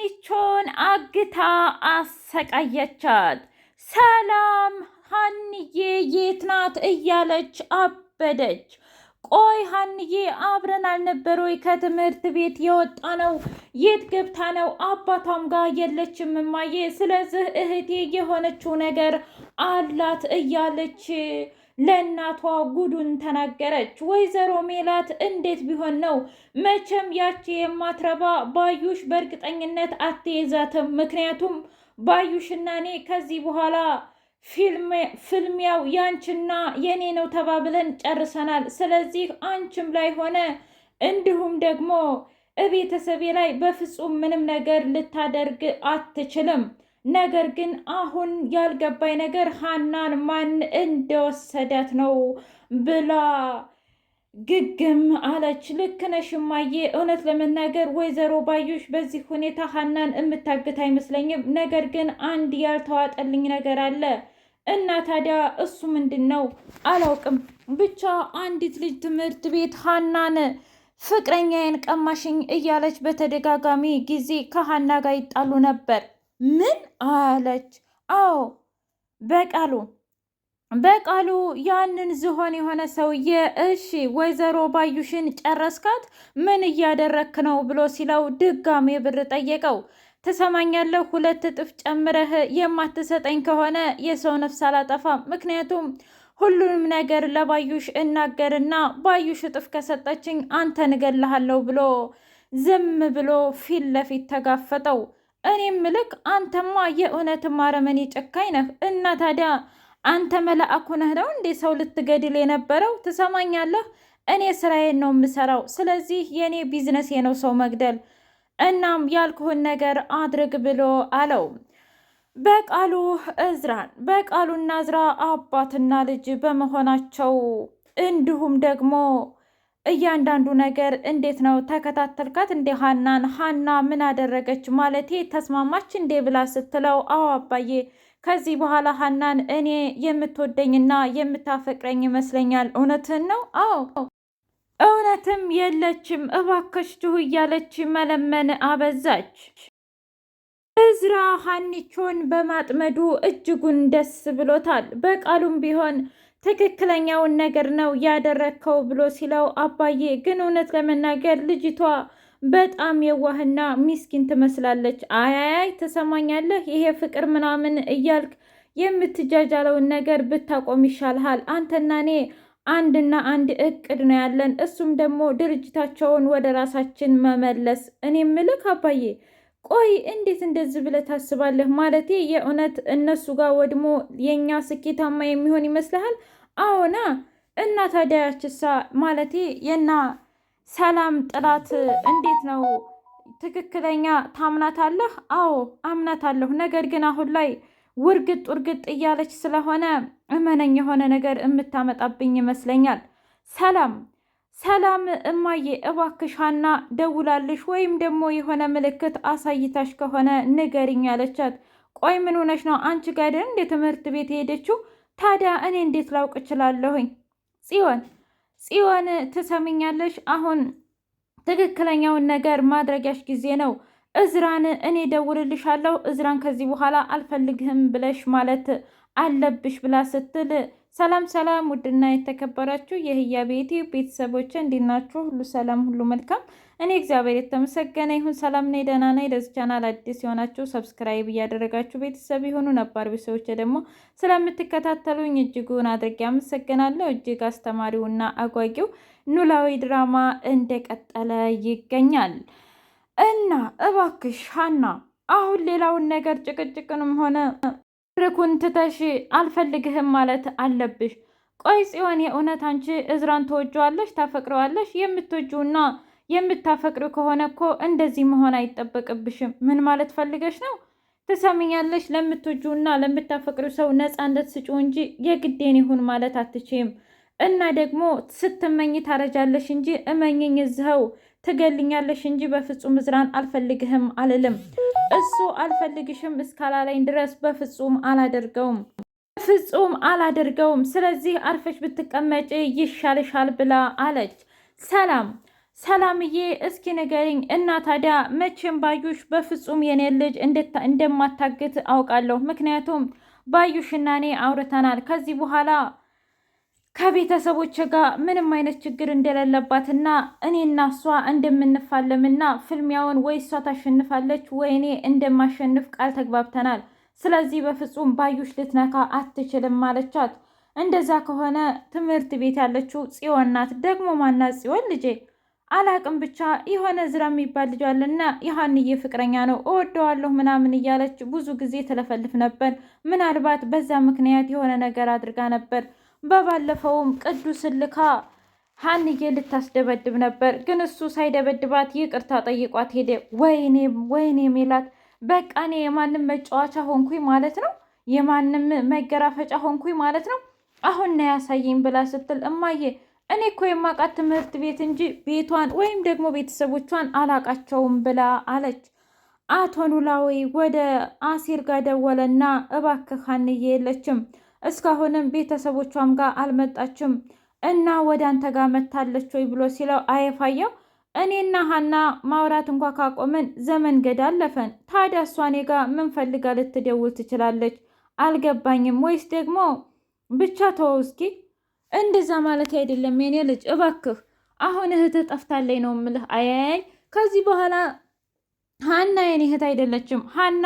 ሀኒቾን አግታ አሰቃየቻት። ሰላም ሀንዬ የት ናት እያለች አበደች። ቆይ ሀንዬ አብረን አልነበር ወይ ከትምህርት ቤት የወጣ ነው? የት ገብታ ነው? አባቷም ጋር የለችም እማዬ። ስለዚህ እህቴ የሆነችው ነገር አላት እያለች ለእናቷ ጉዱን ተናገረች። ወይዘሮ ሜላት እንዴት ቢሆን ነው መቼም ያቺ የማትረባ ባዩሽ በእርግጠኝነት አትይዛትም። ምክንያቱም ባዩሽና እኔ ከዚህ በኋላ ፍልሚያው ያንቺና የኔ ነው ተባብለን ጨርሰናል። ስለዚህ አንቺም ላይ ሆነ እንዲሁም ደግሞ ቤተሰቤ ላይ በፍጹም ምንም ነገር ልታደርግ አትችልም። ነገር ግን አሁን ያልገባኝ ነገር ሀናን ማን እንደወሰዳት ነው ብላ ግግም አለች። ልክ ነሽ እማዬ፣ እውነት ለመናገር ወይዘሮ ባዩሽ በዚህ ሁኔታ ሀናን የምታግት አይመስለኝም። ነገር ግን አንድ ያልተዋጠልኝ ነገር አለ እና ታዲያ እሱ ምንድን ነው? አላውቅም። ብቻ አንዲት ልጅ ትምህርት ቤት ሀናን ፍቅረኛዬን ቀማሽኝ እያለች በተደጋጋሚ ጊዜ ከሀና ጋር ይጣሉ ነበር። ምን አለች? አዎ በቃሉ በቃሉ ያንን ዝሆን የሆነ ሰውዬ እሺ ወይዘሮ ባዩሽን ጨረስካት? ምን እያደረክ ነው ብሎ ሲለው ድጋሜ ብር ጠየቀው። ትሰማኛለህ? ሁለት እጥፍ ጨምረህ የማትሰጠኝ ከሆነ የሰው ነፍስ አላጠፋም። ምክንያቱም ሁሉንም ነገር ለባዩሽ እናገርና ባዩሽ እጥፍ ከሰጠችኝ አንተ እገልሃለሁ ብሎ ዝም ብሎ ፊት ለፊት ተጋፈጠው። እኔም ልክ አንተማ የእውነትም አረመኔ ጨካኝ ነህ። እና ታዲያ አንተ መላእክ ነህ ነው እንዴ ሰው ልትገድል የነበረው? ትሰማኛለህ? እኔ ስራዬን ነው የምሰራው። ስለዚህ የእኔ ቢዝነስ ነው ሰው መግደል። እናም ያልኩህን ነገር አድርግ ብሎ አለው። በቃሉ እዝራን በቃሉና እዝራ አባትና ልጅ በመሆናቸው እንዲሁም ደግሞ እያንዳንዱ ነገር እንዴት ነው ተከታተልካት እንዴ ሀናን ሀና ምን አደረገች ማለቴ ተስማማች እንዴ ብላ ስትለው አዎ አባዬ ከዚህ በኋላ ሀናን እኔ የምትወደኝና የምታፈቅረኝ ይመስለኛል እውነትን ነው አዎ እውነትም የለችም እባክሽ ትሁ እያለች መለመን አበዛች እዝራ ሀኒቾን በማጥመዱ እጅጉን ደስ ብሎታል በቃሉም ቢሆን ትክክለኛውን ነገር ነው ያደረግከው ብሎ ሲለው አባዬ ግን እውነት ለመናገር ልጅቷ በጣም የዋህና ሚስኪን ትመስላለች። አያያይ ትሰማኛለህ? ይሄ ፍቅር ምናምን እያልክ የምትጃጃለውን ነገር ብታቆም ይሻልሃል። አንተና እኔ አንድና አንድ እቅድ ነው ያለን፣ እሱም ደግሞ ድርጅታቸውን ወደ ራሳችን መመለስ። እኔ ምልክ አባዬ ቆይ እንዴት እንደዚህ ብለህ ታስባለህ? ማለቴ የእውነት እነሱ ጋር ወድሞ የእኛ ስኬታማ የሚሆን ይመስልሃል? አዎና። እና ታዲያ ያችሳ ማለቴ የና ሰላም ጥላት እንዴት ነው ትክክለኛ ታምናታለህ? አዎ አምናታለሁ። ነገር ግን አሁን ላይ ውርግጥ ውርግጥ እያለች ስለሆነ እመነኝ የሆነ ነገር የምታመጣብኝ ይመስለኛል። ሰላም ሰላም እማዬ እባክሽ ሀና ደውላልሽ ወይም ደግሞ የሆነ ምልክት አሳይታሽ ከሆነ ንገሪኝ አለቻት። ቆይ ምን ሆነሽ ነው? አንቺ ጋር እንደ ትምህርት ቤት የሄደችው ታዲያ እኔ እንዴት ላውቅ እችላለሁኝ? ጽዮን ጽዮን ትሰምኛለሽ? አሁን ትክክለኛውን ነገር ማድረጊያሽ ጊዜ ነው። እዝራን እኔ ደውልልሻለሁ፣ እዝራን ከዚህ በኋላ አልፈልግህም ብለሽ ማለት አለብሽ ብላ ስትል ሰላም ሰላም፣ ውድና የተከበራችሁ የህያ ቤቴ ቤተሰቦች እንዲናችሁ ሁሉ ሰላም፣ ሁሉ መልካም። እኔ እግዚአብሔር የተመሰገነ ይሁን ሰላም ነኝ፣ ደህና ነኝ። ለዚህ ቻናል አዲስ የሆናችሁ ሰብስክራይብ እያደረጋችሁ ቤተሰብ የሆኑ ነባር ቤተሰቦች ደግሞ ስለምትከታተሉኝ እጅጉን አድርጌ አመሰግናለሁ። እጅግ አስተማሪውና አጓጊው ኖላዊ ድራማ እንደቀጠለ ይገኛል እና እባክሽ ሀና አሁን ሌላውን ነገር ጭቅጭቅንም ሆነ ፍርኩን ትተሽ አልፈልግህም ማለት አለብሽ። ቆይ ጽዮን፣ የእውነት አንቺ እዝራን ትወጂዋለሽ? ታፈቅረዋለሽ? የምትወጂውና የምታፈቅሪ ከሆነ እኮ እንደዚህ መሆን አይጠበቅብሽም። ምን ማለት ፈልገሽ ነው? ትሰምኛለሽ? ለምትወጂውና ለምታፈቅሪ ሰው ነፃነት ስጪው እንጂ የግዴን ይሁን ማለት አትችይም። እና ደግሞ ስትመኝ ታረጃለሽ እንጂ እመኝኝ እዝኸው ትገልኛለሽ እንጂ በፍጹም እዝራን አልፈልግህም አልልም። እሱ አልፈልግሽም እስካላለኝ ድረስ በፍጹም አላደርገውም በፍጹም አላደርገውም። ስለዚህ አርፈሽ ብትቀመጭ ይሻልሻል ብላ አለች ሰላም ሰላምዬ እስኪ ንገሪኝ እና ታዲያ መቼም ባዩሽ በፍጹም የኔን ልጅ እንደማታግት አውቃለሁ። ምክንያቱም ባዩሽና እኔ አውርተናል። ከዚህ በኋላ ከቤተሰቦች ጋር ምንም አይነት ችግር እንደሌለባትና እኔና እሷ እንደምንፋለምና ፍልሚያውን ወይ እሷ ታሸንፋለች ወይ እኔ እንደማሸንፍ ቃል ተግባብተናል። ስለዚህ በፍጹም ባዩሽ ልትነካ አትችልም ማለቻት። እንደዛ ከሆነ ትምህርት ቤት ያለችው ጽዮን ናት። ደግሞ ማናት ጽዮን? ልጄ አላቅም፣ ብቻ የሆነ ዝራ የሚባል ልጅ አለና የሀንዬ ፍቅረኛ ነው፣ እወደዋለሁ ምናምን እያለች ብዙ ጊዜ ተለፈልፍ ነበር። ምናልባት በዛ ምክንያት የሆነ ነገር አድርጋ ነበር በባለፈውም ቅዱስ ልካ ሀንዬ ልታስደበድብ ነበር፣ ግን እሱ ሳይደበድባት ይቅርታ ጠይቋት ሄደ። ወይኔ ወይኔ ሜላት በቃ እኔ የማንም መጫወቻ ሆንኩኝ ማለት ነው፣ የማንም መገራፈጫ ሆንኩኝ ማለት ነው። አሁን ና ያሳየኝ ብላ ስትል እማዬ እኔ እኮ የማውቃት ትምህርት ቤት እንጂ ቤቷን ወይም ደግሞ ቤተሰቦቿን አላቃቸውም ብላ አለች። አቶ ኖላዊ ወደ አሲር ጋር ደወለና እባክህ ሀንዬ የለችም እስካሁንም ቤተሰቦቿም ጋር አልመጣችም እና ወደ አንተ ጋር መታለች ወይ ብሎ ሲለው አየፋየው እኔና ሀና ማውራት እንኳ ካቆምን ዘመን ገድ አለፈን። ታዲያ እሷ እኔ ጋር ምን ፈልጋ ልትደውል ትችላለች? አልገባኝም። ወይስ ደግሞ ብቻ ተወው እስኪ። እንደዛ ማለት አይደለም የኔ ልጅ፣ እባክህ አሁን እህትህ ጠፍታለኝ ነው ምልህ። አያያይ ከዚህ በኋላ ሀና የኔ እህት አይደለችም። ሀና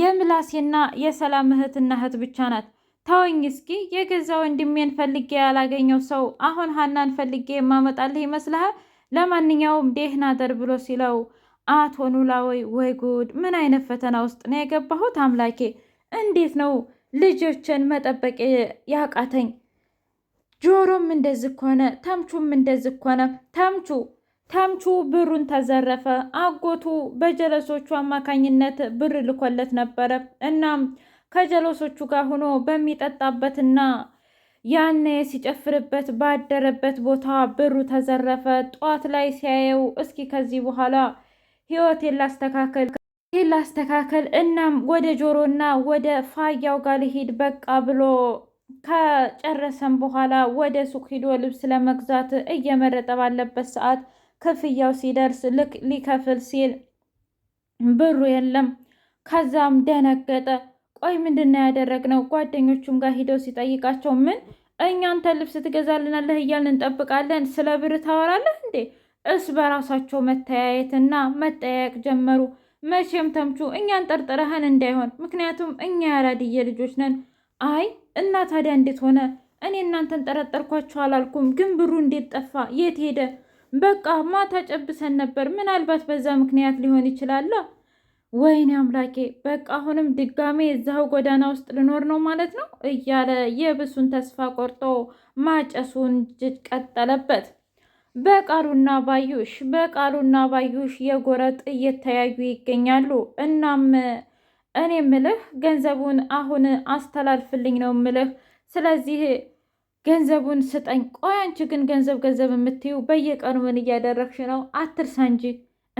የምላሴና የሰላም እህትና እህት ብቻ ናት። ተወኝ እስኪ የገዛ ወንድሜን ፈልጌ ያላገኘው ሰው አሁን ሀናን ፈልጌ የማመጣልህ ይመስልሃል? ለማንኛውም ደህና ደር ብሎ ሲለው አቶ ኖላዊ ወይ ጉድ! ምን አይነት ፈተና ውስጥ ነው የገባሁት? አምላኬ እንዴት ነው ልጆችን መጠበቅ ያቃተኝ? ጆሮም እንደዚህ ኮነ፣ ተምቹም እንደዚህ ኮነ። ተምቹ ተምቹ ብሩን ተዘረፈ። አጎቱ በጀለሶቹ አማካኝነት ብር ልኮለት ነበረ እናም ከጀለሶቹ ጋር ሆኖ በሚጠጣበትና ያኔ ሲጨፍርበት ባደረበት ቦታ ብሩ ተዘረፈ። ጧት ላይ ሲያየው እስኪ ከዚህ በኋላ ህይወቴን ላስተካከል ላስተካከል እናም ወደ ጆሮና ወደ ፋያው ጋር ልሂድ በቃ ብሎ ከጨረሰም በኋላ ወደ ሱቅ ሂዶ ልብስ ለመግዛት እየመረጠ ባለበት ሰዓት ክፍያው ሲደርስ ልክ ሊከፍል ሲል ብሩ የለም። ከዛም ደነገጠ። ቆይ ምንድን ነው ያደረግነው? ጓደኞቹም ጋር ሂደው ሲጠይቃቸው ምን እኛ አንተ ልብስ ትገዛልናለህ እያልን እንጠብቃለን፣ ስለ ብር ታወራለህ እንዴ? እስ በራሳቸው መተያየትና መጠያየቅ ጀመሩ። መቼም ተምቹ እኛን ጠርጥረህን እንዳይሆን፣ ምክንያቱም እኛ ያራድየ ልጆች ነን። አይ እና ታዲያ እንዴት ሆነ? እኔ እናንተን ጠረጠርኳቸው አላልኩም፣ ግን ብሩ እንዴት ጠፋ? የት ሄደ? በቃ ማታ ጨብሰን ነበር፣ ምናልባት በዛ ምክንያት ሊሆን ይችላል። ወይኔ አምላኬ በቃ አሁንም ድጋሜ እዛው ጎዳና ውስጥ ልኖር ነው ማለት ነው እያለ የብሱን ተስፋ ቆርጦ ማጨሱን ቀጠለበት። በቃሉና ባዩሽ በቃሉና ባዩሽ የጎረጥ እየተያዩ ይገኛሉ። እናም እኔ ምልህ ገንዘቡን አሁን አስተላልፍልኝ ነው ምልህ። ስለዚህ ገንዘቡን ስጠኝ። ቆይ አንቺ ግን ገንዘብ ገንዘብ የምትዩ በየቀኑ ምን እያደረግሽ ነው? አትርሳ እንጂ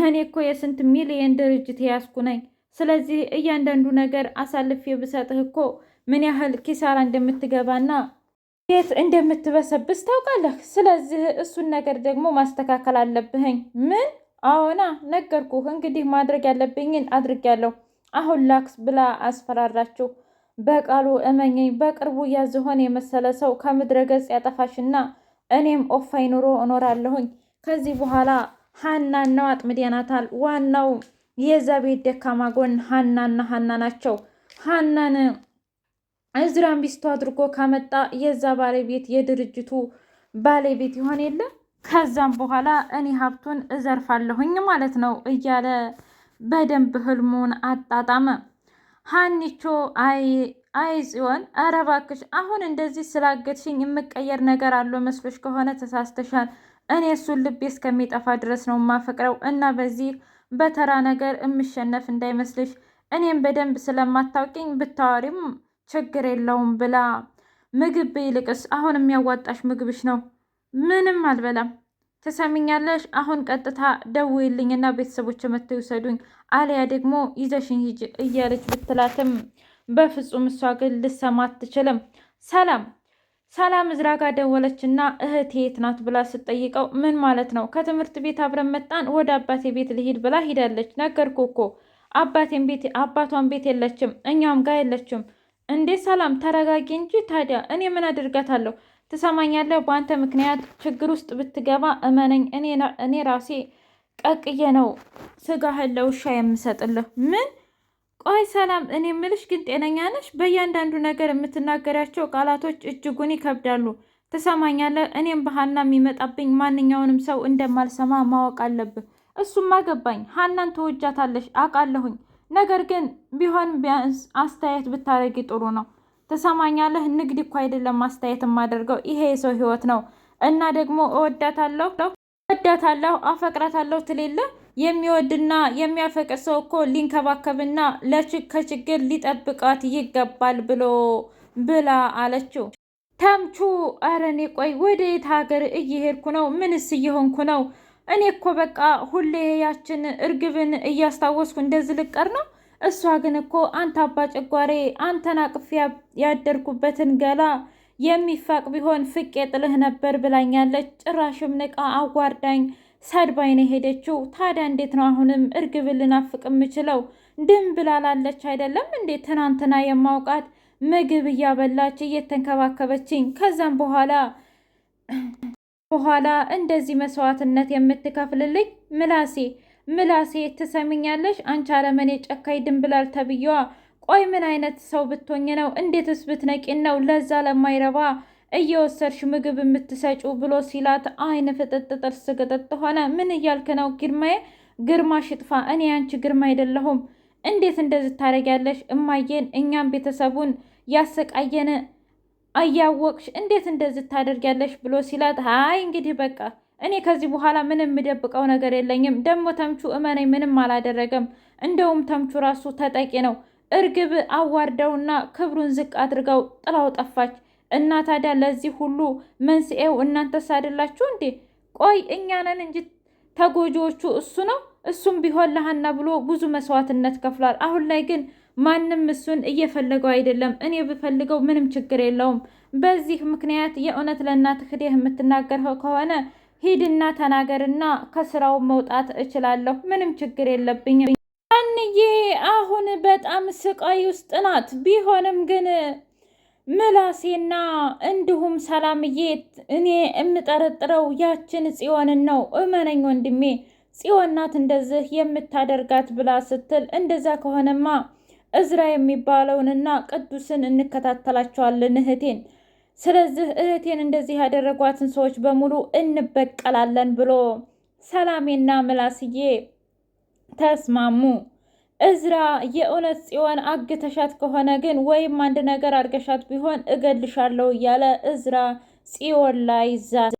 እኔ እኮ የስንት ሚሊየን ድርጅት ያስኩ ነኝ። ስለዚህ እያንዳንዱ ነገር አሳልፌ ብሰጥህ እኮ ምን ያህል ኪሳራ እንደምትገባና ቤት እንደምትበሰብስ ታውቃለህ። ስለዚህ እሱን ነገር ደግሞ ማስተካከል አለብህኝ። ምን? አዎና ነገርኩህ። እንግዲህ ማድረግ ያለብኝን አድርጌያለሁ። አሁን ላክስ ብላ አስፈራራችሁ። በቃሉ እመኘኝ፣ በቅርቡ ያዝሆን የመሰለ ሰው ከምድረ ገጽ ያጠፋሽና እኔም ኦፋይ ኑሮ እኖራለሁኝ ከዚህ በኋላ ሀናን ነው አጥምደናታል። ዋናው የዛ ቤት ደካማ ጎን ሀናና ሀና ናቸው። ሀናን እዝራን ቢስቶ አድርጎ ከመጣ የዛ ባለቤት የድርጅቱ ባለቤት ይሆን የለ ከዛም በኋላ እኔ ሀብቱን እዘርፋለሁኝ ማለት ነው እያለ በደንብ ህልሙን አጣጣመ። ሀኒቾ አይ አይ ጽዮን፣ ኧረ እባክሽ አሁን እንደዚህ ስላገድሽኝ የምቀየር ነገር አለው መስሎሽ ከሆነ ተሳስተሻል። እኔ እሱን ልቤ እስከሚጠፋ ድረስ ነው የማፈቅረው እና በዚህ በተራ ነገር የምሸነፍ እንዳይመስልሽ እኔም በደንብ ስለማታውቂኝ ብታዋሪም ችግር የለውም ብላ ምግብ ይልቅስ አሁን የሚያዋጣሽ ምግብሽ ነው። ምንም አልበላም። ትሰሚኛለሽ? አሁን ቀጥታ ደውይልኝና ቤተሰቦች መጥተው ይውሰዱኝ፣ አሊያ ደግሞ ይዘሽኝ ሂጂ እያለች ብትላትም በፍጹም እሷ ግን ልሰማ አትችልም። ሰላም ሰላም እዝራ ጋር እና እህቴ የት ናት ብላ ስትጠይቀው ምን ማለት ነው ከትምህርት ቤት አብረን መጣን ወደ አባቴ ቤት ልሂድ ብላ ሂዳለች። ነገርኩ እኮ አባቴን ቤት አባቷን ቤት የለችም እኛም ጋር የለችም። እንዴ ሰላም ተረጋጊ እንጂ ታዲያ እኔ ምን አድርጋታለሁ? ትሰማኛለህ? በአንተ ምክንያት ችግር ውስጥ ብትገባ እመነኝ እኔ ራሴ ቀቅዬ ነው ስጋህን ለውሻ የምሰጥልህ። ምን ቆይ ሰላም፣ እኔ ምልሽ ግን ጤነኛ ነሽ? በእያንዳንዱ ነገር የምትናገሪያቸው ቃላቶች እጅጉን ይከብዳሉ። ትሰማኛለህ? እኔም በሀና የሚመጣብኝ ማንኛውንም ሰው እንደማልሰማ ማወቅ አለብህ። እሱም አገባኝ። ሀናን ተወጃታለሽ አውቃለሁኝ። ነገር ግን ቢሆን ቢያንስ አስተያየት ብታረጊ ጥሩ ነው። ትሰማኛለህ? ንግድ እኮ አይደለም አስተያየት የማደርገው፣ ይሄ የሰው ህይወት ነው። እና ደግሞ እወዳታለሁ እወዳታለሁ አፈቅራታለሁ ትሌለህ የሚወድና የሚያፈቅር ሰው እኮ ሊንከባከብና ከችግር ሊጠብቃት ይገባል ብሎ ብላ አለችው። ተምቹ ኧረ እኔ ቆይ ወደ የት ሀገር እየሄድኩ ነው? ምንስ እየሆንኩ ነው? እኔ እኮ በቃ ሁሌ ያችን እርግብን እያስታወስኩ እንደዚህ ልቀር ነው? እሷ ግን እኮ አንተ አባ ጨጓሬ፣ አንተን አቅፍ ያደርኩበትን ገላ የሚፋቅ ቢሆን ፍቄ ጥልህ ነበር ብላኛለች። ጭራሽም ንቃ አዋርዳኝ ሰድባይን የሄደችው ታዲያ እንዴት ነው አሁንም እርግብን ልናፍቅ የምችለው? ድም ብላላለች አይደለም እንዴ? ትናንትና የማውቃት ምግብ እያበላች እየተንከባከበችኝ ከዛም በኋላ በኋላ እንደዚህ መስዋዕትነት የምትከፍልልኝ ምላሴ ምላሴ ትሰሚኛለሽ? አንቺ አረመኔ ጨካኝ ድንብላል ተብዬዋ ቆይ ምን አይነት ሰው ብትሆኝ ነው? እንዴትስ ብትነቂን ነው ለዛ ለማይረባ እየወሰድሽ ምግብ የምትሰጩ ብሎ ሲላት አይን ፍጥጥ ጥርስ ግጥጥ ሆነ። ምን እያልክ ነው ግርማዬ? ግርማ ሽጥፋ፣ እኔ ያንቺ ግርማ አይደለሁም። እንዴት እንደዚህ ታደርጊያለሽ? እማዬን እኛም ቤተሰቡን ያሰቃየን አያወቅሽ እንዴት እንደዚህ ታደርጊያለሽ? ብሎ ሲላት አይ እንግዲህ በቃ እኔ ከዚህ በኋላ ምንም የምደብቀው ነገር የለኝም። ደግሞ ተምቹ እመነኝ፣ ምንም አላደረገም። እንደውም ተምቹ ራሱ ተጠቂ ነው። እርግብ አዋርደውና ክብሩን ዝቅ አድርገው ጥላው ጠፋች። እና ታዲያ ለዚህ ሁሉ መንስኤው እናንተስ አይደላችሁ እንዴ? ቆይ እኛንን እንጂ ተጎጂዎቹ እሱ ነው። እሱም ቢሆን ለሀና ብሎ ብዙ መስዋዕትነት ከፍሏል። አሁን ላይ ግን ማንም እሱን እየፈለገው አይደለም። እኔ ብፈልገው ምንም ችግር የለውም። በዚህ ምክንያት የእውነት ለእናት ሂደህ የምትናገረው ከሆነ ሂድና ተናገርና ከስራው መውጣት እችላለሁ። ምንም ችግር የለብኝም። አንዬ አሁን በጣም ስቃይ ውስጥ ናት። ቢሆንም ግን ምላሴና እንዲሁም ሰላምዬ እኔ የምጠረጥረው ያችን ጽዮንን ነው። እመነኝ ወንድሜ ጽዮን ናት እንደዚህ የምታደርጋት ብላ ስትል፣ እንደዛ ከሆነማ እዝራ የሚባለውንና ቅዱስን እንከታተላቸዋለን እህቴን። ስለዚህ እህቴን እንደዚህ ያደረጓትን ሰዎች በሙሉ እንበቀላለን ብሎ ሰላሜና ምላስዬ ተስማሙ። እዝራ የእውነት ጽዮን አግተሻት ከሆነ ግን ወይም አንድ ነገር አድርገሻት ቢሆን እገልሻለሁ እያለ እዝራ ጽዮን ላይ ዛ